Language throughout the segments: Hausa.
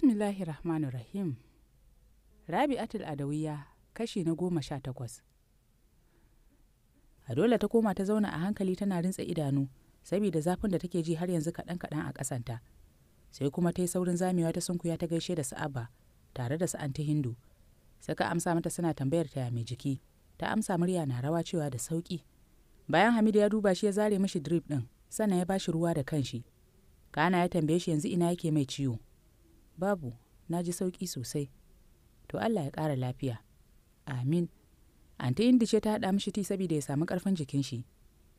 bismillahi rahmanu rahim rabi'atul adawiya kashi na goma sha takwas a dole ta koma ta zauna a hankali tana rintsa idanu saboda zafin da take ji har yanzu kaɗan kaɗan a ƙasanta sai kuma ta yi saurin zamewa ta sunkuya ta gaishe da sa'aba tare da sa'anti hindu suka amsa mata suna tambayar ta mai jiki ta amsa murya na rawa cewa da sauki bayan hamidu ya duba shi ya zare mashi drip ɗin sannan ya bashi ruwa da kanshi kana ya tambaye shi yanzu ina yake mai ciwo babu na ji sauki sosai to allah ya ƙara lafiya amin anti indi ce ta haɗa mishi ti saboda ya samu ƙarfin jikin shi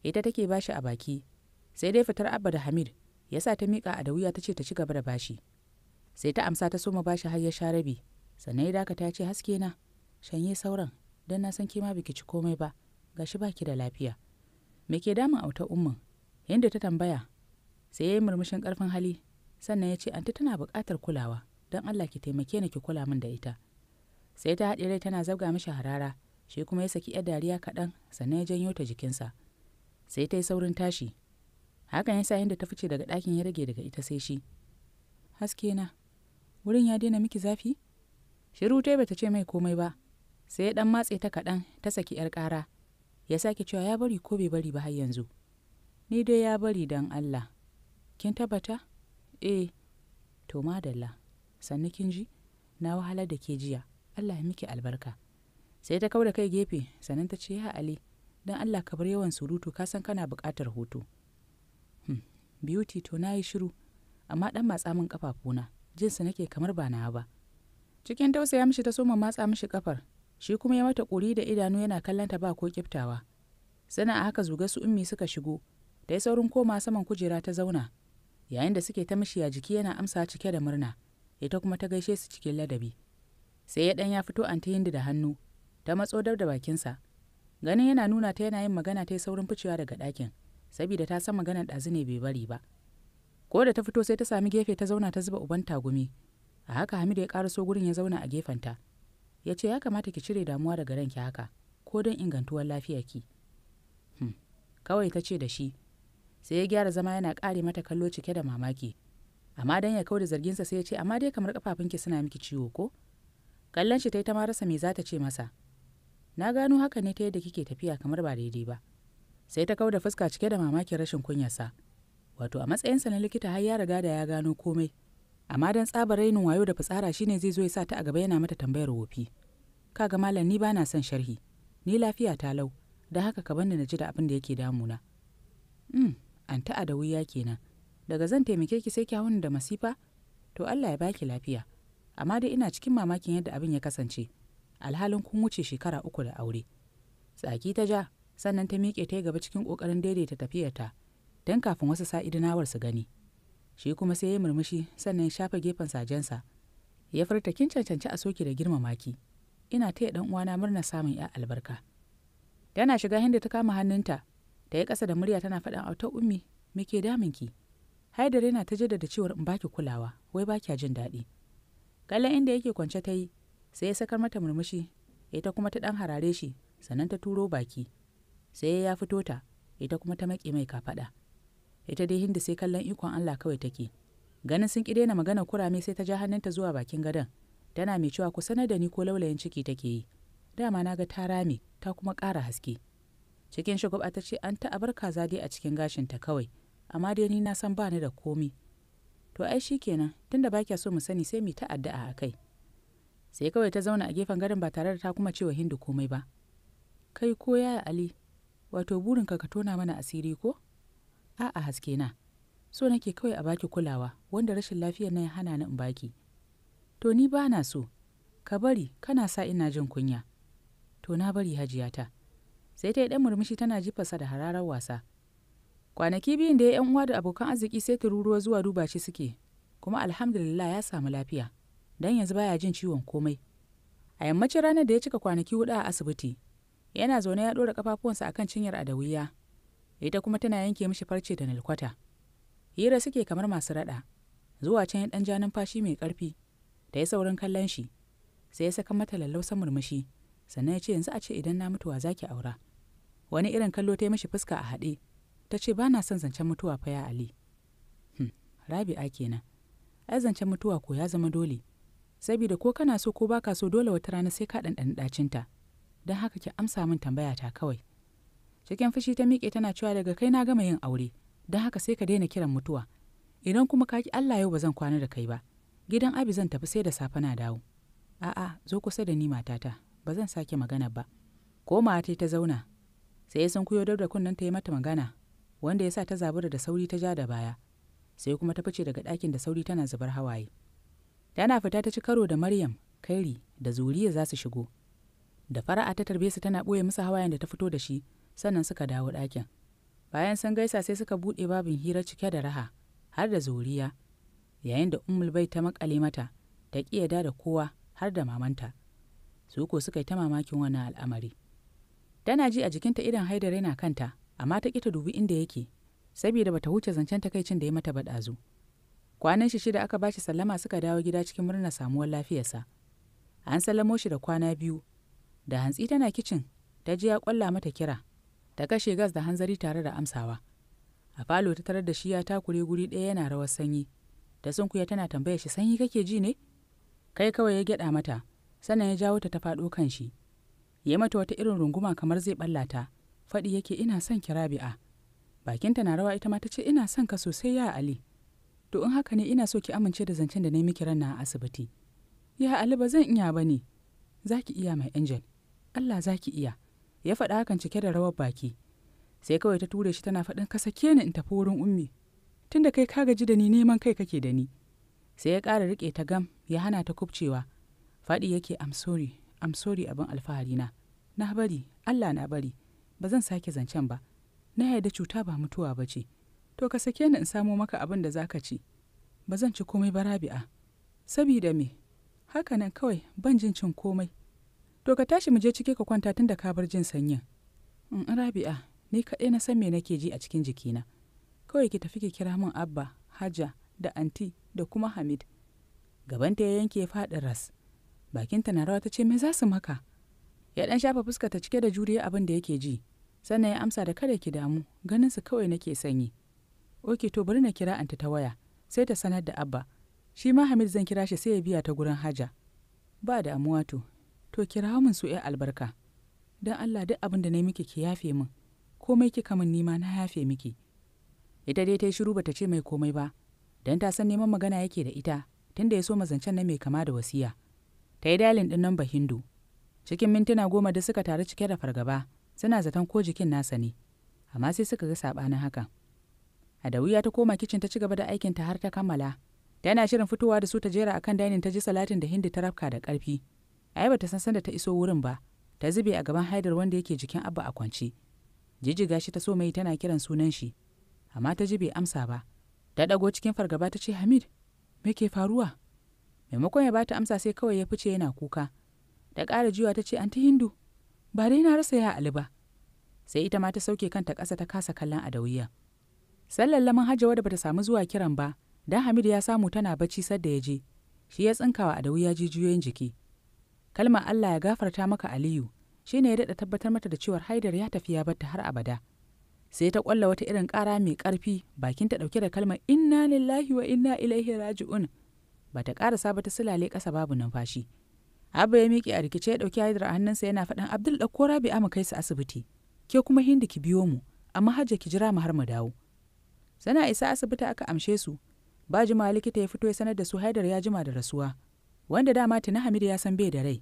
ita take bashi a baki sai dai fitar abba da hamid ya sa ta miƙa a da wuya ta ce ta ci gaba da bashi sai ta amsa ta soma bashi har ya sha rabi sannan ya dakata ya ce haske na shanye sauran don na san kima biki ci komai ba ga shi baki da lafiya me ke damun autar ummin yadda ta tambaya sai ya yi murmushin ƙarfin hali sannan ya ce anti tana buƙatar kulawa don allah ki taimake ni ki kula min da ita sai ta haɗe rai tana zabga mishi harara shi kuma ya saki yar dariya kaɗan sannan ya janyo ta jikinsa sai ta yi saurin tashi hakan ya sa yadda ta fice daga ɗakin ya rage daga ita sai shi haske na wurin ya daina miki zafi shiru ta bata ce mai komai ba sai ya ɗan matse ta kaɗan ta saki yar ƙara ya sake cewa ya bari ko bai bari ba har yanzu ni dai ya bari dan allah kin tabbata eh to madalla sannu kin ji na wahalar da ke jiya allah ya miki albarka sai ta kau da kai gefe sannan ta ce ya ali don allah ka bar yawan surutu ka san kana buƙatar hoto. hmm. beauty to nayi shiru amma ɗan matsa min ƙafafuna jinsa nake kamar ba na ba cikin tausaya mishi ta soma matsa mishi ƙafar, shi kuma ya mata ƙuri da idanu yana kallon ta ba ko kiftawa sana a haka zuga su ummi suka shigo da ya saurin koma saman kujera ta zauna yayin da suke ta mishi jiki yana amsa cike da murna ita kuma ta gaishe su cikin ladabi sai ya ɗan ya fito anti hindu da hannu ta matso dar da bakinsa ganin yana nuna ta yana yin magana ta yi saurin ficewa daga ɗakin saboda ta san maganar ɗazu ne bai bari ba ko da ta fito sai ta sami gefe ta zauna ta zuba uban tagumi a haka hamidu ya so gurin ya zauna a gefenta ya ce ya kamata ki cire damuwa daga ranki haka ko don ingantuwar lafiyarki hmm. kawai ta ce da shi sai ya gyara zama yana kare mata kallo cike da mamaki amma dan ya kauda zarginsa sai ya ce amma dai kamar kafafunki suna miki ciwo ko kallon shi ta yi ta ma rasa me za ta ce masa na gano haka ne ta yadda kike tafiya kamar ba daidai ba sai ta kauda fuska cike da mamakin rashin kunyar sa wato a matsayinsa na likita har ya riga da ya gano komai amma dan tsabar rainin wayo da fitsara shine zai zo ya sa ta a gaba yana mata tambayar wofi kaga malam ni bana son sharhi ni lafiya ta lau da haka ka bani na ji da abin da yake damuna mm. da wuya kenan daga zan taimake ki sai kyawun da masifa to allah ya baki lafiya amma dai ina cikin mamakin yadda abin ya kasance alhalin kun wuce shekara uku da aure tsaki ta ja sannan ta miƙe ta gaba cikin ƙoƙarin daidaita tafiyarta don kafin wasu sa'idinawar su gani shi kuma sai ya murmushi sannan ya shafa gefen sajensa ya furta kin cancanci a soki da girmama ki ina taya ɗan uwana murnar samun ya albarka tana shiga hinda ta kama hannunta ta yi ƙasa da murya tana faɗin auta ummi me ke ki? haidar yana ta jaddada cewar in baki kulawa wai ba kya jin daɗi kallon inda yake kwance ta yi sai ya sakar mata murmushi ita kuma ta ɗan harare shi sannan ta turo baki sai ya fito ta ita kuma ta maƙe mai faɗa? ita dai hindu sai kallon ikon allah kawai take ganin sun ƙi daina magana kurame sai ta ja hannunta zuwa bakin gadon tana mai cewa ku sanar da ni ko laulayin ciki take yi dama na ga ta rame ta kuma ƙara haske cikin shugaba ta ce an ta'a bar kaza dai a cikin gashin ta kawai amma dai ni na san bani da komi to ai shi kenan tunda ba kya so mu sani sai mu ta a kai sai kawai ta zauna a gefen gadon ba tare da ta kuma wa hindu komai ba kai ko yaya ali wato burin ka tona mana asiri ko a'a haske na so nake kawai a baki kulawa wanda rashin lafiyar na ya hana ni in baki to ni ba so ka bari kana sa ina jin kunya to na bari hajiyata sai ta yi ɗan murmushi tana jifarsa da hararar wasa kwanaki biyun da ya yan uwa da abokan arziki sai tururuwa zuwa duba shi suke kuma alhamdulillah ya samu lafiya don yanzu baya jin ciwon komai a yammacin ranar da ya cika kwanaki hudu a asibiti yana zaune ya ɗora kafafuwansa akan cinyar adawiya ita kuma tana yanke mishi farce da nalkwata hira suke kamar masu raɗa zuwa can ya ɗan ja numfashi mai ƙarfi da ya saurin kallon shi sai ya saka mata lallausan murmushi sannan ya ce yanzu a ce idan na mutuwa zaki aura wani irin kallo ta yi mishi fuska a haɗe ta ce ba na son zancen mutuwa fa ya ali hmm. rabi'a kenan ai zancen mutuwa ko ya zama dole saboda ko kana so ko baka so dole wata rana sai ka ɗanɗani ɗacinta don haka ki amsa min tambaya ta kawai cikin fushi ta miƙe tana cewa daga kai na gama yin aure don haka sai ka daina kiran mutuwa idan kuma ka ki Allah yau ba zan kwana da kai ba gidan abi zan tafi sai da safe na dawo a'a zo kusa da ni matata ba zan sake magana ba ko ta ta zauna sai sun kuyo dabda da kunnen ta yi mata magana wanda ya sa ta zabura da sauri ta ja da baya sai kuma ta fice daga ɗakin da sauri tana zubar hawaye tana fita ta ci karo da maryam kairi da zuriya za su shigo da fara'a ta tarbe su tana ɓoye musu hawayen da ta fito da shi sannan suka dawo ɗakin bayan sun gaisa sai suka buɗe babin hira cike da raha har da zuriya yayin da ummul bai ta makale mata ta ƙiyada da kowa har da mamanta su ko suka yi ta mamakin wannan al'amari Tana ji a jikinta idan haidar yana kanta, amma ta ƙita dubi inda yake, saboda bata huce zancen takaicin da ya mata ba ɗazu. Kwanan shi shida aka bashi sallama suka dawo gida cikin murna samuwar lafiyarsa. An sallamo shi da kwana biyu. Da hantsi tana kicin, ta ji ya ƙwalla mata kira, ta kashe gas da hanzari tare da amsawa. A falo ta tarar da shi ya takure guri ɗaya yana rawar sanyi. Da sunkuya tana tambaya shi sanyi kake ji ne? Kai kawai ya gyaɗa mata, sannan ya jawo ta ta faɗo kan shi. ya mata wata irin runguma kamar zai ballata faɗi yake ina son ki rabi'a bakinta na rawa ita ma ta ce ina son ka sosai ya ali to in haka ne ina so ki amince da zancen da na miki ranna a asibiti ya ali ba zan iya ba ne za ki iya mai angel allah za ki iya ya faɗa hakan cike da rawar baki sai kawai ta ture shi tana faɗin ka sake ni in tafi wurin ummi tunda kai ka gaji da ni neman kai kake da ni sai ya ƙara riƙe ta gam ya hana ta kubcewa faɗi yake am sorry am sorry abin alfahari na na bari allah na bari ba zan sake zancen ba na yarda cuta ba mutuwa ba ce to ka sake ni in samo maka abin da za ka ci ba zan ci komai ba rabi'a sabida me haka nan kawai ban jin cin komai to ka tashi mu je cike ka kwanta tun da ka bar jin sanyin in mm, rabi'a ni kaɗai na san me nake ji a cikin jikina kawai ki tafi ki kira min abba hajja da anti da kuma hamid gabanta ya yanke faɗin ras bakinta na rawa ta ce me za su maka ya dan shafa fuska ta cike da juriya abin da yake ji sannan ya amsa da kada ki damu ganin su kawai nake sanyi oke to bari na kira anta ta waya sai ta sanar da abba shi ma hamid zan kira shi sai ya biya ta gurin haja ba damuwa to to kira min su ya albarka dan allah duk abin da na miki ki yafe min komai kika min nima na yafe miki ita dai ta yi shiru bata ce mai komai ba dan ta san neman magana yake da ita tunda ya so mazancen na mai kama da wasiya ta yi dalin ɗin nan hindu cikin mintuna goma da suka taru cike da fargaba suna zaton ko jikin nasa ne amma sai suka ga saɓanin hakan adawiya ta koma kicin ta ci gaba da aikinta har ta kammala tana shirin fitowa da su ta jera akan dainin ta ji salatin da hindi ta rafka da ƙarfi ai bata san sanda ta iso wurin ba ta zube a gaban haidar wanda yake jikin abba a kwance jijjiga shi ta so mai tana kiran sunan shi amma ta ji bai amsa ba ta ɗago cikin fargaba ta ce hamid me ke faruwa maimakon ya bata amsa sai kawai ya fice yana kuka da ƙara jiwa ta ce anti hindu ba dai na rasa ya ali ba sai ita ma ta sauke kanta ƙasa ta kasa kallon adawiya sallar laman hajjawa da bata samu zuwa kiran ba dan hamidu ya samu tana bacci sadda ya je shi ya tsinkawa adawiya jijiyoyin jiki kalmar allah ya gafarta maka aliyu Shi ne ya daɗa tabbatar mata da cewar haidar ya tafi ya batta har abada sai ta kwalla wata irin ƙara mai ƙarfi bakin ta ɗauke da kalmar inna lillahi wa inna ilaihi raji'un ba ta ƙarasa ba ta silale ƙasa babu numfashi abba ya miƙe a rikice ya ɗauki haidar a hannunsa yana faɗin abdul ɗauko rabi a mu kai su asibiti ke kuma hindi ki biyo mu amma hajja ki jira mu har mu dawo sana isa asibiti aka amshe su ba jima likita ya fito ya sanar da su haidar ya jima da rasuwa wanda dama tuna Hamidu ya san bai da rai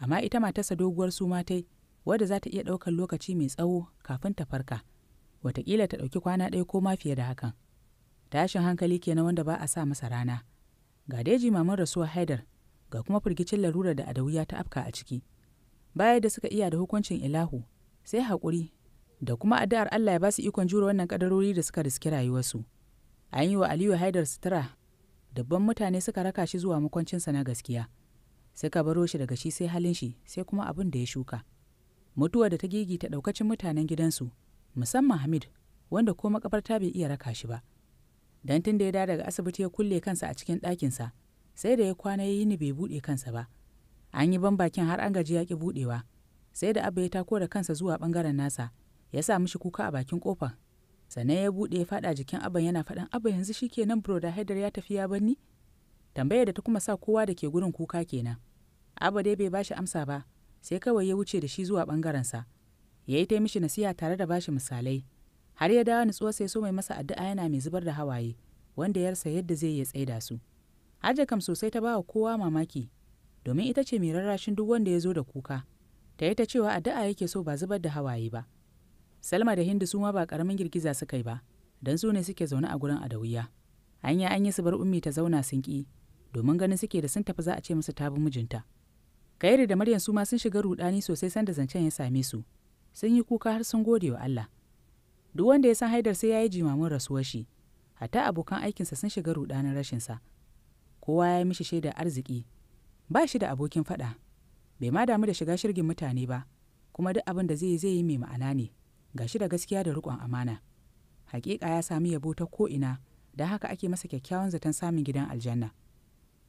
amma ita matarsa doguwar su matai wadda za ta iya ɗaukar lokaci mai tsawo kafin ta farka watakila ta ɗauki kwana ɗaya ko ma fiye da hakan tashin hankali kenan wanda ba a sa masa rana ga daji maman rasuwa haidar ga kuma firgicin larurar da adawiya ta afka a ciki Bayan da suka iya da hukuncin ilahu sai haƙuri da kuma addu'ar allah ya ba su ikon jure wannan kadarori da suka riski rayuwarsu an yi wa aliyu haidar sutura dabban mutane suka raka shi zuwa makwancinsa na gaskiya suka baro shi daga shi sai halin shi sai kuma abin da ya shuka mutuwa da ta gigita ɗaukacin mutanen gidansu musamman hamid wanda ko makabarta bai iya raka shi ba don tun da ya dawo daga asibiti ya kulle kansa a cikin ɗakinsa sai da ya kwana ya yi ni bai buɗe kansa ba an yi ban bakin har an gaji ya ƙi buɗewa sai da abba ya tako da kansa zuwa ɓangaren nasa ya sa mishi kuka a bakin ƙofa. sannan ya buɗe ya faɗa jikin abban yana faɗan abba yanzu shi ke nan broda haidar ya tafi ya banni Tambaya da ta kuma sa kowa da ke gurin kuka kenan abba dai bai bashi amsa ba sai kawai ya wuce da shi zuwa ɓangarensa ya yi ta mishi nasiha tare da bashi misalai har ya dawo nutsuwa sai so mai masa addu'a yana mai zubar da hawaye wanda ya rasa yadda zai tsai tsaida su hajja kam sosai ta bawa kowa mamaki domin ita ce mai rarrashin duk wanda ya zo da kuka ta yi ta cewa addu'a yake so ba zubar da hawaye ba salma da hindu su ma ba karamin girgiza suka yi ba don su ne suke zaune a gurin adawiya Anya an yi su bar ummi ta zauna sun ki domin ganin suke da sun tafi za a ce musu ta mijinta kairi da maryam su ma sun shiga rudani sosai sanda zancen ya same su sun yi kuka har sun gode wa allah duk wanda ya san haidar sai ya yi jimamin rasuwar shi hatta abokan aikinsa sun shiga rudanin rashinsa kowa ya yi mishi shaidar arziki ba shi da abokin faɗa bai ma damu da shiga shirgin mutane ba kuma duk abin da zai yi zai yi mai ma'ana ne ga shi da gaskiya da riƙon amana hakika ya sami yabo ta ko'ina don haka ake masa kyakkyawan zaton samun gidan aljanna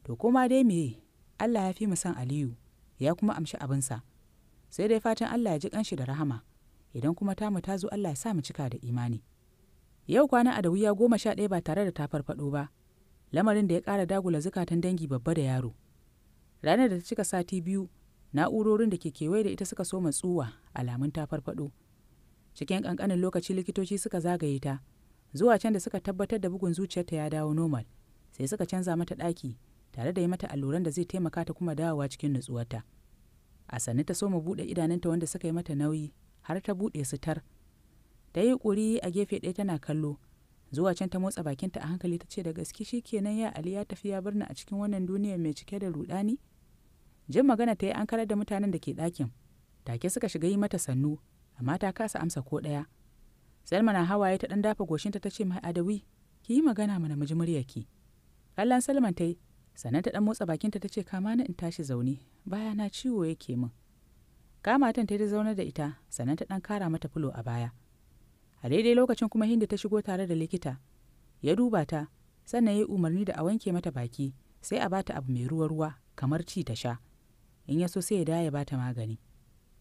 to koma dai me allah ya fi mu san aliyu ya kuma amshi abinsa sai dai fatan allah ya ji ƙanshi da rahama idan kuma tamu ta zo Allah ya sa mu cika da imani yau kwana a da wuya goma sha ɗaya ba tare da ta farfaɗo ba lamarin da ya ƙara dagula zukatan dangi babba da yaro ranar da ta cika sati biyu na'urorin da ke kewaye da ita suka so tsuwa alamun ta farfaɗo cikin ƙanƙanin lokaci likitoci suka zagaye ta zuwa can da suka tabbatar da bugun zuciyarta ya dawo normal sai suka canza mata ɗaki tare da yi mata alluran da zai taimaka ta kuma dawowa cikin nutsuwarta a sannu ta soma buɗe idanunta wanda suka yi mata nauyi har ta buɗe sitar ta yi ƙuri a gefe ɗaya tana kallo zuwa can ta motsa bakinta a hankali ta ce da gaske shi kenan ya ali ya tafi ya birni a cikin wannan duniya mai cike da rudani jin magana ta yi an karar da mutanen da ke ɗakin take suka shiga yi mata sannu amma ta kasa amsa ko ɗaya salma na hawaye ta ɗan dafa goshinta ta ce mai adawi ki yi magana mana miji muryarki kallon salman ta yi sannan ta ɗan motsa bakinta ta ce kama na in tashi zaune baya na ciwo yake min kama ta da zaunar da ita sannan ta ɗan kara mata fulo a baya a daidai lokacin kuma hindi ta shigo tare da likita ya duba ta sannan ya yi umarni da a wanke mata baki sai a bata abu mai ruwa ruwa kamar ci ta sha in ya so sai ya daya bata magani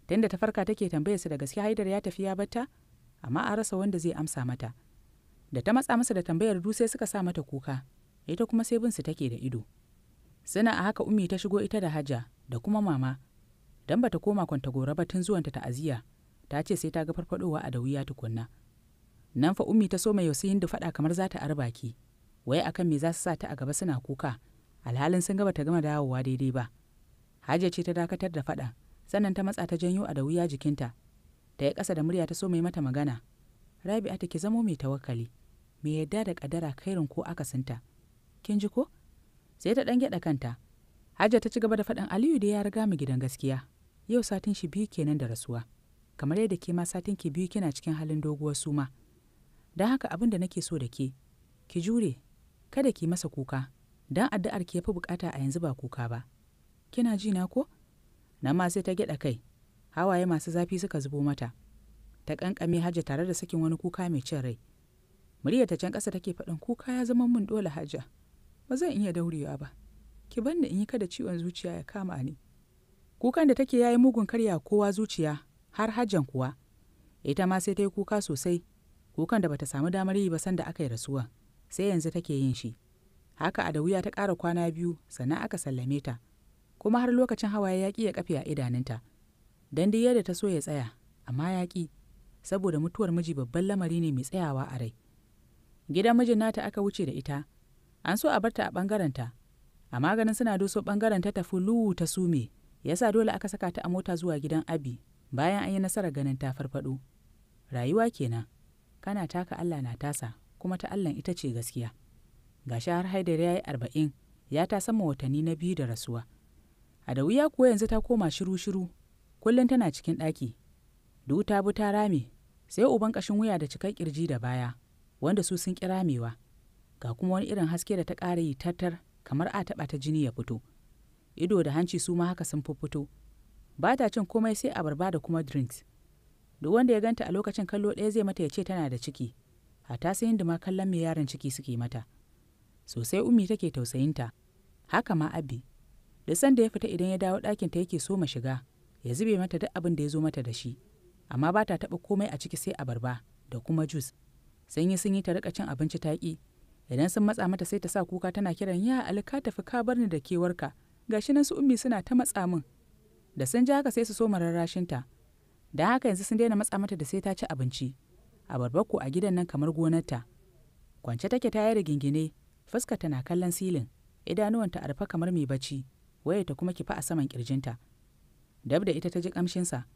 tunda ta farka take tambayar sa da gaskiya haidar ya tafi ya batta amma a rasa wanda zai amsa mata da ta matsa masa da tambayar du sai suka sa mata kuka ita kuma sai bin su take da ido suna a haka ummi ta shigo ita da hajja da kuma mama don bata koma kwanta gora ba tun zuwanta ta'aziya. ta ce sai ta ga farfadowa a da wuya tukunna nan fa ummi ta so mai yausi da faɗa kamar za ta arbaki wai akan me za su sa ta a gaba suna kuka alhalin sun gaba ta gama dawowa daidai ba hajiya ce ta dakatar da faɗa sannan ta matsa ta janyo a da wuya jikinta ta yi ƙasa da murya ta so mai mata magana rabi'a ta ki zamo mai tawakali. mai yadda da ƙadara kairin ko akasinta kin ji ko sai ta ɗan gyaɗa kanta hajiya ta ci gaba da faɗin aliyu da ya riga mu gidan gaskiya yau satin shi biyu kenan da rasuwa kamar yadda ke ma satin ki biyu kina cikin halin doguwar suma don haka abin da nake so da ke ki jure kada ki masa kuka don addu'ar ke fi bukata a yanzu ba kuka ba kina ji na ko na ma sai ta gyada kai hawaye masu zafi suka zubo mata ta kankame hajja tare da sakin wani kuka mai cin rai murya ta can ƙasa take faɗin kuka ya zama mun dole hajja ba zan iya daurewa ba ki banni in yi kada ciwon zuciya ya kama ni kukan da take yayi mugun karya kowa zuciya har hajjan kuwa ita ma sai ta yi kuka sosai kukan da bata samu damar yi ba sanda aka yi rasuwa sai yanzu take yin shi haka a da wuya ta ƙara kwana biyu sannan aka sallame ta kuma har lokacin hawaye ya ƙi ya kafe a idanunta dan dai yadda ta so ya tsaya amma yaƙi. saboda mutuwar miji babban lamari ne mai tsayawa a rai gidan mijin nata aka wuce da ita an so a barta a ɓangarenta amma ganin suna doso ɓangaren ta tafi luwu ta sume Ya sa dole aka saka ta a mota zuwa gidan abi bayan an yi nasarar ganin ta farfado rayuwa kenan kana taka allah na tasa kuma ta allah ita ce gaskiya shi har haidar ya yi arba'in ya ta sama watanni na biyu da rasuwa A da wuya kuwa yanzu ta koma shiru-shiru kullum tana cikin ɗaki duk ta bi ta rame sai uban ƙashin wuya da cikar kirji da baya wanda su sun ƙi ramewa ga kuma wani irin haske da ta ƙara yi tattar kamar a taɓa ta jini ya fito ido da hanci su ma haka sun fito ba ta cin komai sai abarba da kuma drinks duk wanda ya ganta a lokacin kallo ɗaya zai mata ya ce tana da ciki hata sai yin ma kallon mai yaron ciki suke mata sosai ummi take tausayinta haka ma abi duk sanda ya fita idan ya dawo ɗakin ta yake so ma shiga ya zube mata duk abin da ya zo mata da shi amma ba ta taɓa komai a ciki sai abarba da kuma jus sun yi sun yi ta rika cin abinci ta idan sun matsa mata sai ta sa kuka tana kiran ya alka tafi ka bar ni da kewarka gashi nan su ummi suna ta matsa min da sun ji haka sai su so mararrashinta da haka yanzu sun daina matsa mata da sai ta ci abinci a barbakko a gidan nan kamar gonarta kwance take ta da gingine fuska tana kallon silin idanuwanta ta kamar mai bacci waye ta kuma kifa a saman kirjinta dab da ita ta ji kamshinsa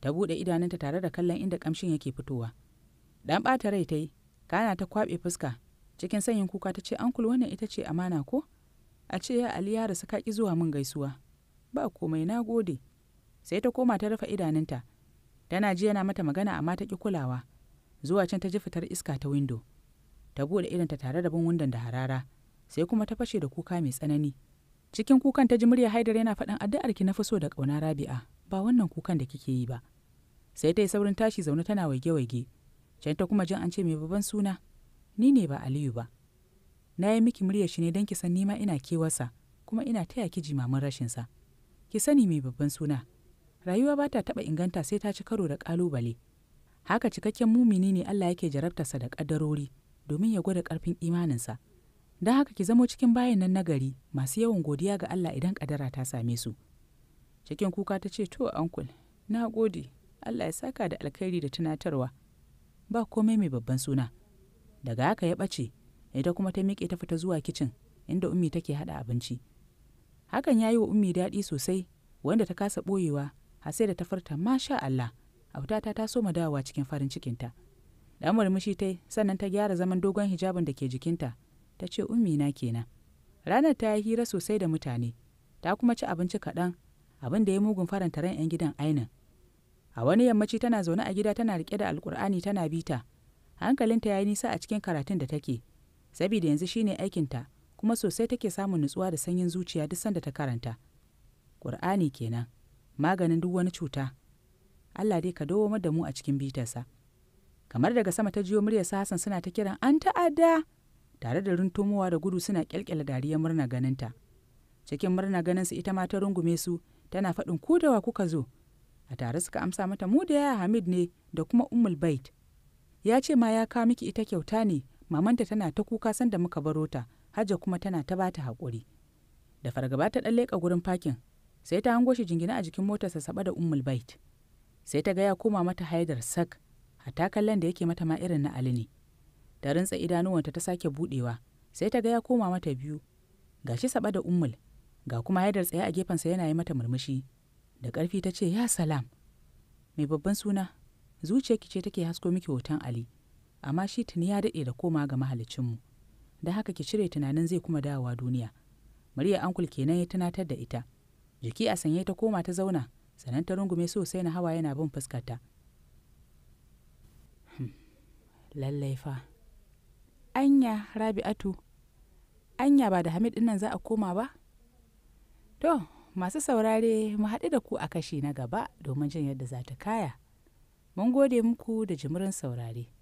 ta buɗe idanunta tare da kallon inda kamshin yake fitowa dan ɓata rai ta yi kana ta kwaɓe fuska cikin sanyin kuka ta ce ankul wannan ita ce amana ko a ce ya ali ya rasu kaki zuwa min gaisuwa ba komai na gode sai ta koma ta rufe idanunta tana ji yana mata magana amma ta ki kulawa zuwa can ta ji fitar iska ta windo ta bude idanta tare da bin windon da harara sai kuma ta fashe da kuka mai tsanani cikin kukan ta ji murya haidar yana faɗin addu'ar ki na fi so da ƙauna rabi'a ba wannan kukan da kike yi ba sai ta yi saurin tashi zaune tana waige-waige can ta kuma jin an ce mai babban suna ni ne ba aliyu ba na yi miki muryar shi ne don ki san nima ina kewarsa kuma ina taya ki jimamin rashinsa ki sani mai babban suna rayuwa ba ta taɓa inganta sai ta ci karo da ƙalubale haka cikakken mumini ne Allah yake jarabtarsa da ƙaddarori domin ya gwada ƙarfin imaninsa don haka ki zamo cikin bayan nan nagari masu yawan godiya ga Allah idan ƙaddara ta same su cikin kuka ta ce to ankul na gode Allah ya saka da alkhairi da tunatarwa ba komai mai babban suna daga haka ya ɓace ita kuma ta miƙe ta fita zuwa kicin inda ummi take haɗa abinci hakan ya yi wa ummi daɗi sosai wanda ta kasa ɓoyewa har sai da ta furta masha Allah autata ta so dawowa cikin farin cikinta da murmushi ta sannan ta gyara zaman dogon hijabin da ke jikinta ta ce ummi na kenan ranar ta yi hira sosai da mutane ta kuma ci abinci kaɗan abin da ya mugun faranta ran 'yan gidan ainin a wani yammaci tana zaune a gida tana riƙe da alƙur'ani tana bita hankalinta ya yi nisa a cikin karatun da take saboda yanzu shine aikinta kuma sosai take samun nutsuwa da sanyin zuciya duk sanda ta karanta ƙur'ani kenan maganin duk wani cuta allah dai ka dawo da mu a cikin bitarsa kamar daga sama ta jiyo muryarsa hassan suna ta kiran an ta'adda tare da runtumowa da gudu suna kyalkyala dariyar murna ganinta cikin murna ganinsu ita ma ta rungume su tana faɗin ku da wa kuka zo a tare suka amsa mata mu da ya hamid ne da kuma ummul bait ya ce ma ya kawo miki ita kyauta ne mamanta tana ta kuka sanda muka baro ta hajja kuma tana ta bata haƙuri da fargaba ta ɗan leƙa gurin fakin sai ta hango shi jingina a jikin motarsa saba da ummul bait sai ta ga ya koma mata haidar sak hatta kallon da yake mata ma irin na ali ne da rintsa idanuwanta ta sake buɗewa. sai ta ga ya koma mata biyu gashi saba da ummul ga kuma haidar tsaye a gefensa yana yi mata murmushi da ƙarfi ta ce ya salam mai babban suna zuciyarki ce take hasko miki hoton ali amma shi tuni ya daɗe da koma ga mahalicinmu da haka ki cire tunanin zai kuma dawowa duniya murya ankul kenan ya tunatar da ita jiki a sanye ta koma ta zauna sannan ta rungume sosai na hawa yana bin fuskarta hmm, lallai fa anya rabi'atu anya ba da hamid dinnan za a koma ba to masu saurare mu haɗu da ku a kashi na gaba domin jin yadda za ta kaya mun gode muku da jimirin saurare